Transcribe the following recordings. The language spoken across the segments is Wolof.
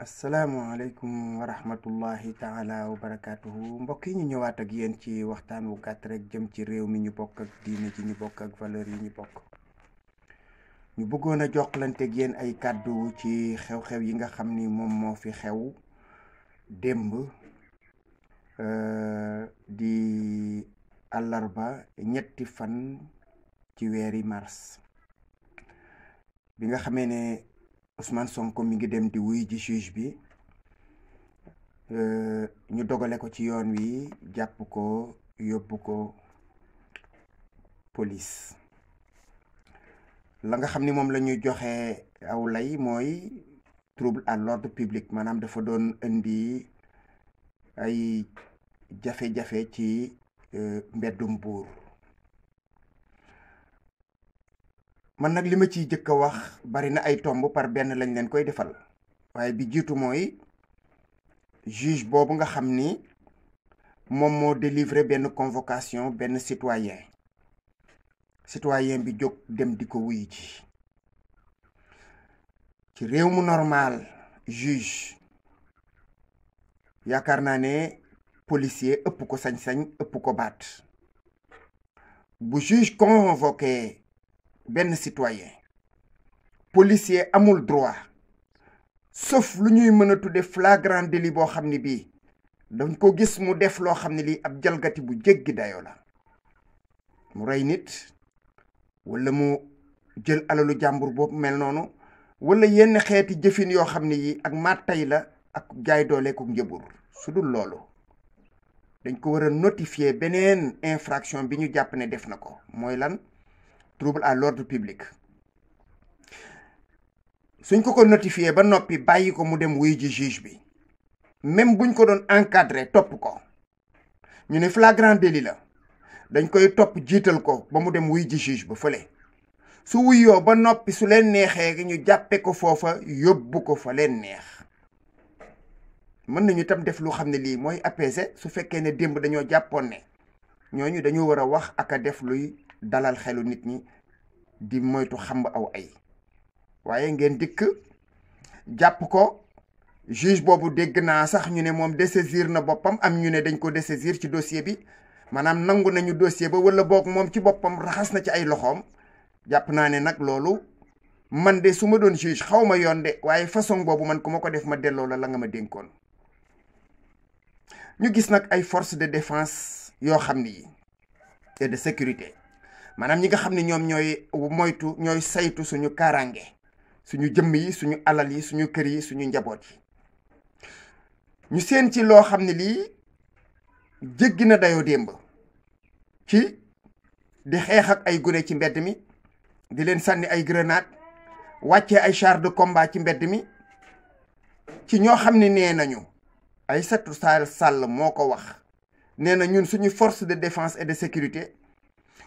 asalaamaaleykum wa rahmatullahi taala wa barakaatuhu mbokk yi ñu ñëwaat ak yéen ci waxtaan wu gàtt rek jëm ci réew mi ñu bokk ak diine ji ñu bokk ak valeur yi ñu bokk ñu bëggoon a joxlante ak yéen ay kàddu ci xew-xew yi nga xam ni moom moo fi xew démb euh, di àllarba ñetti fan ci weeri mars bi nga xamee ne Ousmane Sonko mi ngi dem di wuy ji juge bi euh, ñu dogale ko ci yoon wi jàpp ko yóbbu ko police la nga xam ni moom la ñuy joxe aw lay mooy trouble à l'ordre public maanaam dafa doon indi ay jafe-jafe ci euh, mbeddum buur man nag li ma ciy jëkk a wax bari na ay tomb par benn lañ leen koy defal waaye bi jiitu mooy juge boobu nga xam ni moom moo délivré benn convocation benn citoyen citoyen bi jóg dem di ko wuy ji ci réew mu normal juge yaakaar naa ne policier ëpp ko sañ-sañ ëpp ko baat bu juge convoqué benn citoyen policier amul droit sëf lu ñuy mën a tudde flagrant délit boo xam ne bii dañ ko gis mu def loo xam ne lii ab jalgati bu jéggi dayoo la mu rey nit wala mu jël alalu jàmbur boobu mel noonu wala yenn xeeti jëfin yoo xam ne yi ak màttay la ak jaay ko njëbur su dul loolu dañ ko war a notifier beneen infraction bi ñu jàpp ne def na ko mooy lan trouble à l'ordre public suñ ko ko notifié ba noppi bàyyi ko mu dem wuy ji juge bi même buñ ko doon encadré topp ko ñu ne flagrant délit la dañ koy topp jiital ko ba mu dem wuy ji juge ba fële su wuyoo ba noppi su leen neexee ñu jàppe ko foofa yóbbu ko fa leen neex mën nañu tam def lu xam ne lii mooy apaiser su fekkee ne démb dañoo jàppoon ne ñooñu dañoo war a wax ak a def luy dalal xelu nit ñi di moytu xamb aw ay waaye ngeen dikk jàpp ko juge boobu dégg naa sax ñu ne moom dessaisir na boppam am ñu ne dañ ko dessaisir ci dossier bi maanaam nangu nañu dossier ba wala boog moom ci boppam raxas na ci ay loxoom jàpp naa ne nag loolu man de su ma doon juge xaw ma yoon de waaye façon boobu man ku ma ko def ma delloo la la nga ma dénkoon ñu gis nag ay forces de défense yoo xam ni yi et de sécurité maanaam ñi nga xam ne ñoom ñooy moytu ñooy saytu suñu kaaraange suñu jëmm yi suñu alal yi suñu kër yi suñu njaboot yi ñu seen ci loo xam ne lii jéggi na dayoo démb ci di xeex ay gune ci mbedd mi di leen sànni ay grenade wàccee ay char de combat ci mbedd mi ci ñoo xam ne nee nañu Aïssatou Tall Sall moo ko wax nee na ñun suñu force de défense et de sécurité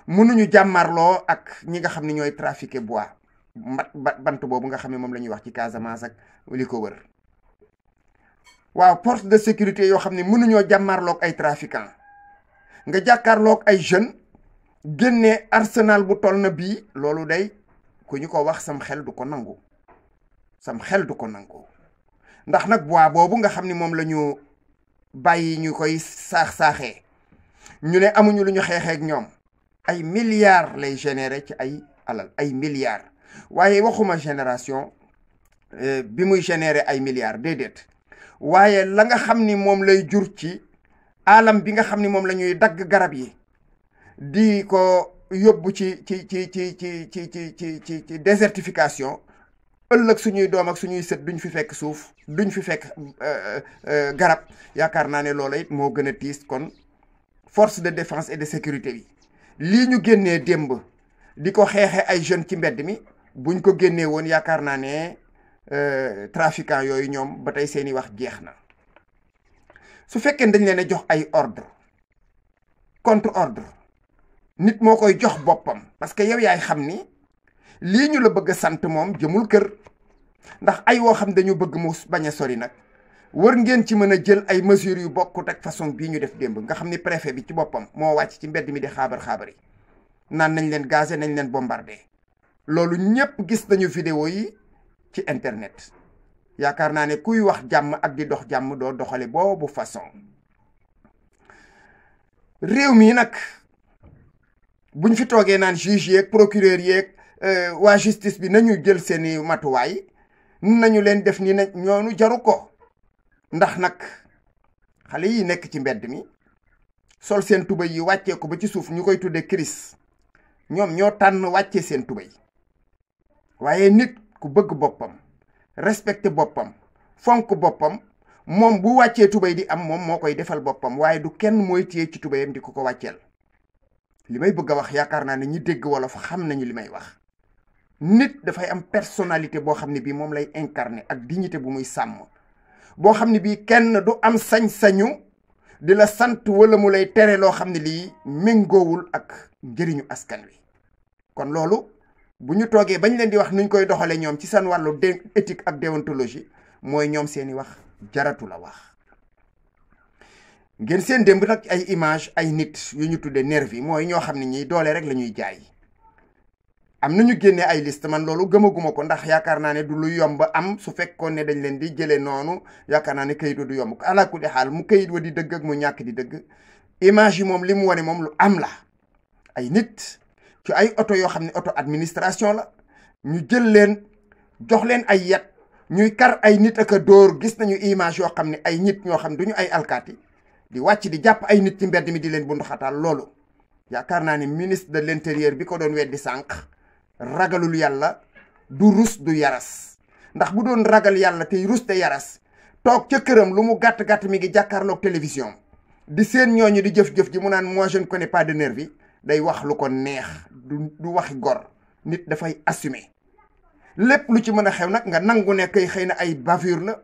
mënuñu jàmmarloo ak ñi nga xam ne ñooy trafiqué bois mbat bant boobu nga xam ne moom la ñuy wax ci Casamance ak li ko wër waaw force de sécurité yoo xam ne mënuñoo jàmmarloog ay trafiquant nga jàkkaarloog ay jeunes génne arsenal bu toll na bii loolu day ku ñu ko wax sam xel du ko nangu sam xel du ko nangu ndax nag bois boobu nga xam ni moom la ñu bàyyi ñu koy saax-saaxee ñu ne amuñu lu ñu xeexeek ñoom ay milliards lay générer ci ay alal ay milliards waaye waxuma génération euh, bi muy générer ay milliards déedéet waaye la nga xam ni moom lay jur ci alam bi nga xam ni moom la ñuy dagg garab yi di ko yóbbu ci ci ci ci ci ci ci ci ci ci désertification ëllëg suñuy doom ak suñuy sët duñ fi fekk suuf duñ fi fekk euh, euh, garab yaakaar naa ne loola it moo gën a tiis kon force de défense et de sécurité bi lii ñu génnee démb di ko xeexee ay jeunes ci mbedd mi buñ ko génnee woon yaakaar naa ne euh, trafiquant yooyu ñoom ba tey seeni wax jeex na su fekkee dañ leen a jox ay ordre contre ordre nit moo koy jox boppam parce que yow yaay xam ni lii ñu la bëgg sant moom jëmul kër ndax ay woo xam dañu bëgg mu bañ a sori nag war ngeen ci mën a jël ay mesures yu bokkut ak façon bii ñu def démb nga xam ni préfet bi ci boppam moo wàcc ci mbedd mi di xaabar xaabar naan nañ leen gazé nañ leen bombardé loolu ñépp gis nañu vidéo yi ci internet yaakaar naa ne kuy wax jàmm ak di dox jàmm doo doxale boobu façon réew mii nag buñ fi toogee naan juge yeeg procureur yeeg euh, waa justice bi nañu jël seeni matuwaay nañu leen def nii na ñoonu jaru ko ndax nag xale yi nekk ci mbedd mi sol seen tubay yi wàccee ko ba ci suuf ñu koy tuddee kiris ñoom ñoo tànn wàccee seen tubay waaye nit ku bëgg boppam respecté boppam fonk boppam moom bu wàccee tubay di am moom moo koy defal boppam waaye du kenn mooy téye ci tubayam di ko ko wàcceel li may bëgg a wax yaakaar naa ne ñi dégg wolof xam nañu li may wax nit dafay am personnalité boo xam ne bii moom lay incarné ak dignité bu muy sàmm boo xam ne bii kenn du am sañ-sañu di la sant wala mu lay tere loo xam ne lii méngoowul ak njëriñu askan wi kon loolu bu ñu toogee bañ leen di wax nuñ koy doxalee ñoom ci seen wàllu dé éthique ak déontologie mooy ñoom seeni wax jaratu la wax ngeen seen démb nag ay image ay nit yu ñu tuddee nervi yi mooy ñoo xam ne ñii doole rek la ñuy jaay am na ñu génnee ay liste man loolu gëmaguma ko ndax yaakaar naa ne du lu yomb am su fekkoon ne dañ leen di jëlee noonu yaakaar naa ne kayit wa du yomb ala kulli xaal mu kayit wa di dëgg mu ñàkk di dëgg image yi moom li mu wane moom lu am la ay nit ci ay oto yoo xam ne oto administration la ñu jël leen jox leen ay yat ñuy kar ay nit ak a dóor gis nañu image yoo xam ne ay nit ñoo xam duñu ay alkaati di wàcc di jàpp ay nit ci mbedd mi di leen bunduxataal loolu yaakaar naa ne ministre de l'intérieur bi ko doon weddi sànq ragalul yàlla du rus du yaras ndax bu doon ragal yàlla tey rus te yaras toog ca këram lu mu gàtt-gàtt mi ngi jàkkaarloog télévision di seen ñooñu di jëf-jëf ji mu naan moi je ne connais pas de nervi day wax lu ko neex du du waxi gor nit dafay assumer lépp lu ci mën a xew nag nga nangu ne kay xëy na ay bavure la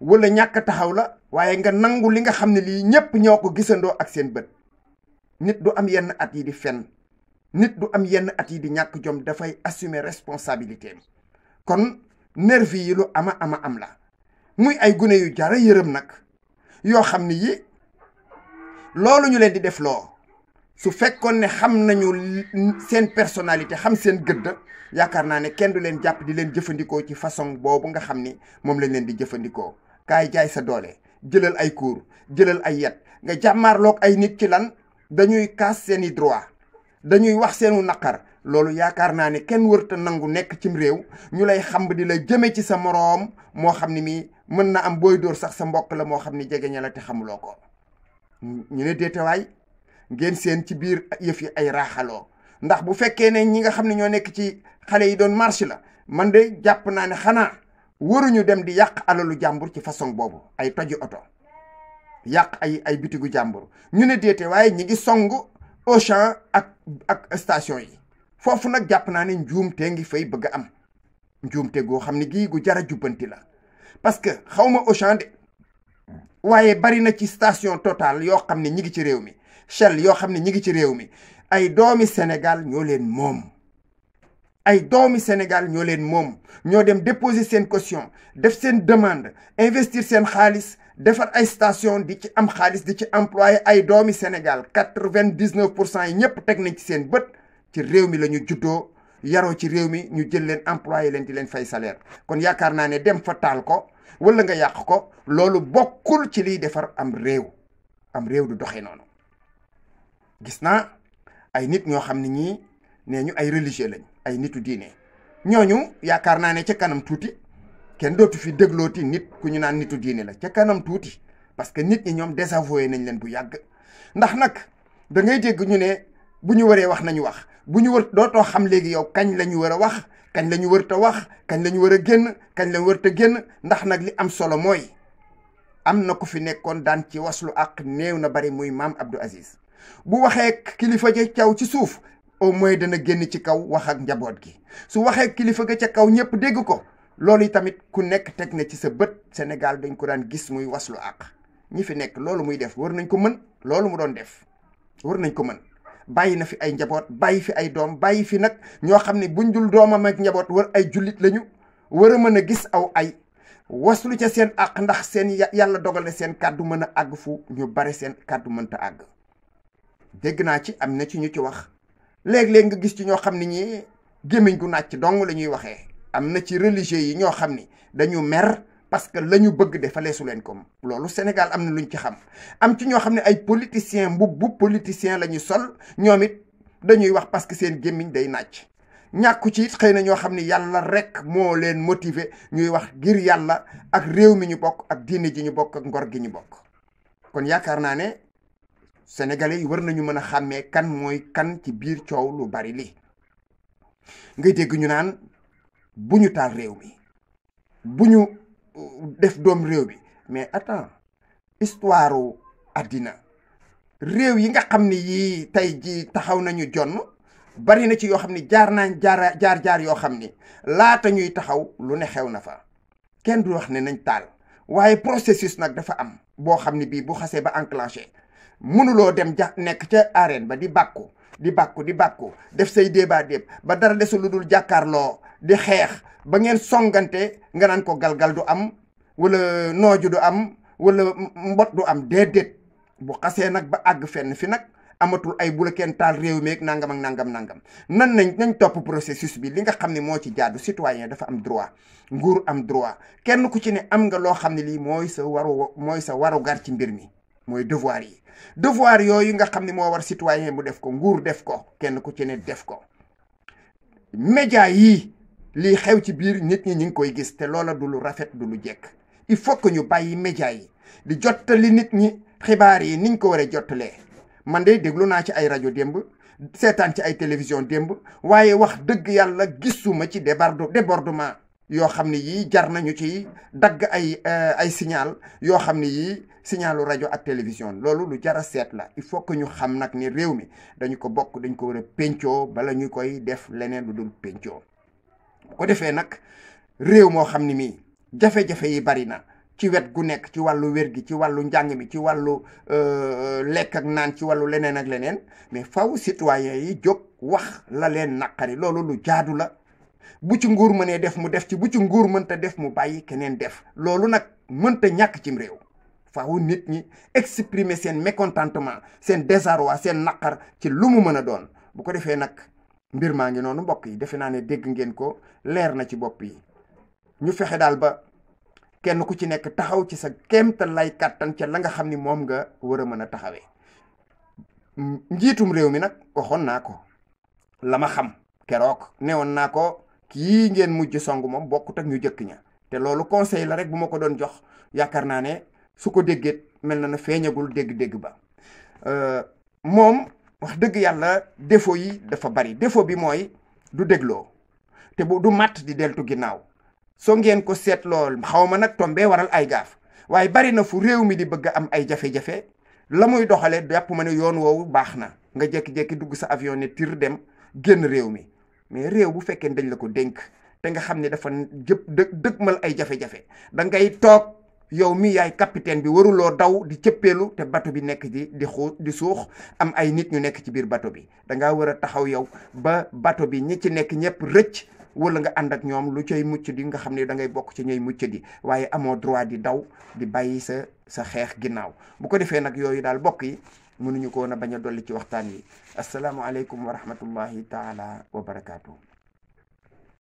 wala ñàkk taxaw la waaye nga nangu li nga xam ne lii ñépp ñoo ko gisandoo ak seen bët nit du am yenn at yi di fen nit du am yenn at yi di ñàkk jom dafay assumer responsabilité kon nervi yi lu ama ama am la muy ay gune yu jara yërëm nag yoo xam ni yi loolu ñu leen di def loo su fekkoon ne xam nañu seen personalité xam seen gëdd yaakaar naa ne kenn du leen jàpp di leen jëfandikoo ci façon boobu nga xam ni moom lañ leen di jëfandikoo kaay jaay sa doole jëlal ay cours jëlal ay yet nga jàmmaarloog ay nit ci lan dañuy kaas seeni droit dañuy wax seenu naqar loolu yaakaar naa ne kenn wërta nangu nekk cim réew ñu lay xamb di la jëme ci sa moroom moo xam ne mii mën na am booy dóor sax sa mbokk la moo xam ne jege ña la te xamuloo ko ñu ne déetawaay ngeen seen ci biir yëf yi ay raaxaloo ndax bu fekkee ne ñi nga xam ne ñoo nekk ci xale yi doon marche la man de jàpp naa ne xanaa waruñu dem di yàq alalu jàmbur ci façon boobu ay toji oto yàq ay ay bitigu jàmbur ñu ne déete ñi ngi songu Auchan ak ak station yi foofu nag jàpp naa ne njuumte ngi fay bëgg a am njuumte goo xam ne gii gu jara jubbanti la parce que xawma Auchan de waaye bari na ci station Total yoo xam ne ñi ngi ci réew mi Shell yoo xam ne ñi ngi ci réew mi ay doomi Sénégal ñoo leen moom ay doomi Sénégal ñoo leen moom ñoo dem déposer seen caution def seen demande investir seen xaalis defar ay station di ci am xaalis di ci employé ay doomi Sénégal quatre-vingt-dix-neuf pour cent yi ñëpp teg nañ ci seen bët ci réew mi la ñu juddoo yaroo ci réew mi ñu jël leen employé leen di leen fay salaire kon yaakaar naa ne dem fa taal ko wala nga yàq ko loolu bokkul ci liy defar am réew am réew du doxee noonu gis naa ay nit ñoo xam ne ñii nee ñu ay religieux lañ ay nitu diine ñooñu yaakaar naa ne ca kanam tuuti kenn dootu fi déglooti nit ku ñu naan nitu diine la ca kanam tuuti parce que nit ñi ñoom désavoué nañ leen bu yàgg ndax nag da ngay dégg ñu ne bu ñu waree wax nañu wax bu ñu wër dootoo xam léegi yow kañ la ñu war a wax kañ la ñu wër ta wax kañ la war a génn kañ la ñu wër génn ndax nag li am solo mooy am na ku fi nekkoon daan ci waslu ak néew na bari muy maam Abdou Aziz bu waxee kilifa ji caw ci suuf au moins dana génn ci kaw wax ak njaboot gi su waxee kilifa ga ca kaw ñëpp dégg ko loolu yi tamit ku nekk teg na ci sa bët Sénégal dañ ko daan gis muy waslu àq ñi fi nekk loolu muy def war nañ ko mën loolu mu doon def wër nañ ko mën bàyyi na fi ay njaboot bàyyi fi ay doom bàyyi fi nag ñoo xam ne buñ jul doomam ak njaboot war ay jullit lañu war a mën a gis aw ay waslu ca seen àq ndax seen yàlla dogal seen kàddu mën a àgg fu ñu bare seen kàddu mënta àgg dégg naa ci am na ci ñu ci wax léeg-léeg nga gis ci ñoo xam ne ñi gémmiñ gu nàcc dong la ñuy waxee am na ci religieux yi ñoo xam ni dañu mer parce que la ñu bëgg defaleesu leen ko loolu Sénégal am na lu luñ ci xam am ci ñoo xam ne ay politiciens mbubb bu politicien la ñu sol ñoom it dañuy wax parce que seen gémmiñ day nàcc ñàkku ci it xëy na ñoo xam ne yàlla rek moo leen motiver ñuy wax ngir yàlla ak réew mi ñu bokk ak diine ji ñu bokk ak ngor gi ñu bokk kon yaakaar naa ne sénégalais yi war nañu mën a xàmmee kan mooy kan ci biir coow lu bari li ngay dégg ñu bu ñu taal réew mi bu ñu euh, def doom réew bi mais attends histoire u àddina réew yi nga xam ne yii tey jii taxaw nañu jon bari na ci yoo xam ne jaar naañ jaar jaar jaar yoo xam ni laata ñuy taxaw lu ne xew na fa kenn du wax ne nañ taal waaye processus nag dafa am boo xam ne bii bu xasee ba enclenché mënuloo dem ja nekk ca arène ba di bàkku di bàkku di bàkku def say débat déeb ba dara desul lu dul jàkkaarloo di xeex ba ngeen songante nga naan ko galgal du am wala nooju du am wala mbot du am déedéet bu xasee nag ba àgg fenn fi nag amatul ay bu la kenn taal réew meek nangam ak nangam nangam nan nañ nañ topp processus bi li nga xam ni moo ci jaadu citoyen dafa am droit nguur am droit kenn ku ci ne am nga loo xam ne lii mooy sa waru mooy sa waru warugar ci mbir mi mooy devoir yi devoir yooyu nga xam ni moo war citoyen bu def ko nguur def ko kenn ku ci ne def ko média yi lii xew ci biir nit ñi ñu ngi koy gis te loola du lu rafet du lu jekk il faut que ñu bàyyi média yi di jottali nit ñi xibaar yi niñ ko war a jottalee man de déglu naa ci ay rajo démb seetaan ci ay télévision démb waaye wax dëgg yàlla gisuma ci débardu débordement yoo xam ne yii jar nañu ci dagg ay euh, ay signal yoo xam ne yii signalu rajo ak télévision loolu lu jar a seet la il faut que ñu xam nag ni réew mi dañu ko bokk dañ ko war a bala ñu koy def leneen lu dul péncoo bu ko defee nag réew moo xam ni mii jafe-jafe yi bari na ci wet gu nekk ci wàllu wér gi ci wàllu njàng mi ci wàllu euh, lekk ak naan ci wàllu leneen ak leneen mais faw citoyen yi jog wax la leen naqari loolu lu jaadu la bu ci nguur mënee def mu def ci bu ci nguur mënta def mu bàyyi keneen def loolu nag mënta ñàkk cim réew faaw nit ñi exprimer seen mécontentement seen désarroi seen naqar ci lu mu mën a doon bu ko defee nag mbir maa ngi noonu mbokk yi defe naa ne dégg ngeen ko leer na ci bopp yi ñu fexe daal ba kenn ku ci nekk taxaw ci sa kéemta lay kàttan ca la nga xam ni moom nga war a mën a taxawee njiitum réew mi nag waxoon naa ko la ma xam keroog newoon naa ko kii ngeen mujj song moom bokkut ak ñu jëkk ña te loolu conseil la rek bu ma ko doon jox yaakaar naa ne su ko déggee mel na na feeñagul dégg-dégg ba euh, moom wax dëgg yàlla défaut yi dafa bari défaut bi mooy du dégloo te bu du matt di deltu ginnaaw soo ngeen ko seet lool xaw ma nag tombee waral ay gaaf waaye bari na fu réew mi di bëgg am ay jafe-jafe la muy doxale jàpp ma ne yoon woowu baax na nga jékki-jékki dugg sa avion ne tir dem génn réew mi mais réew bu fekkee dañ la ko dénk te nga xam ne dafa jëpp dë dëgmal ay jafe-jafe da toog yow mii yaay capitaine bi waruloo daw di cëppeelu te bato bi nekk ci di xuu di suux am ay nit ñu nekk ci biir bato bi dangaa war a taxaw yow ba bato bi ñi ci nekk ñëpp rëcc wala nga ànd ak ñoom lu cay mucc di nga xam ne da ngay bokk ci ñooy mucc di waaye amoo droit di daw di bàyyi sa sa xeex ginnaaw bu ko defee nag yooyu daal bokk yi mënuñu ko woon a bañ a dolli ci waxtaan yi asalaamualeykum wa rahmatullahi taala wa barakaatu.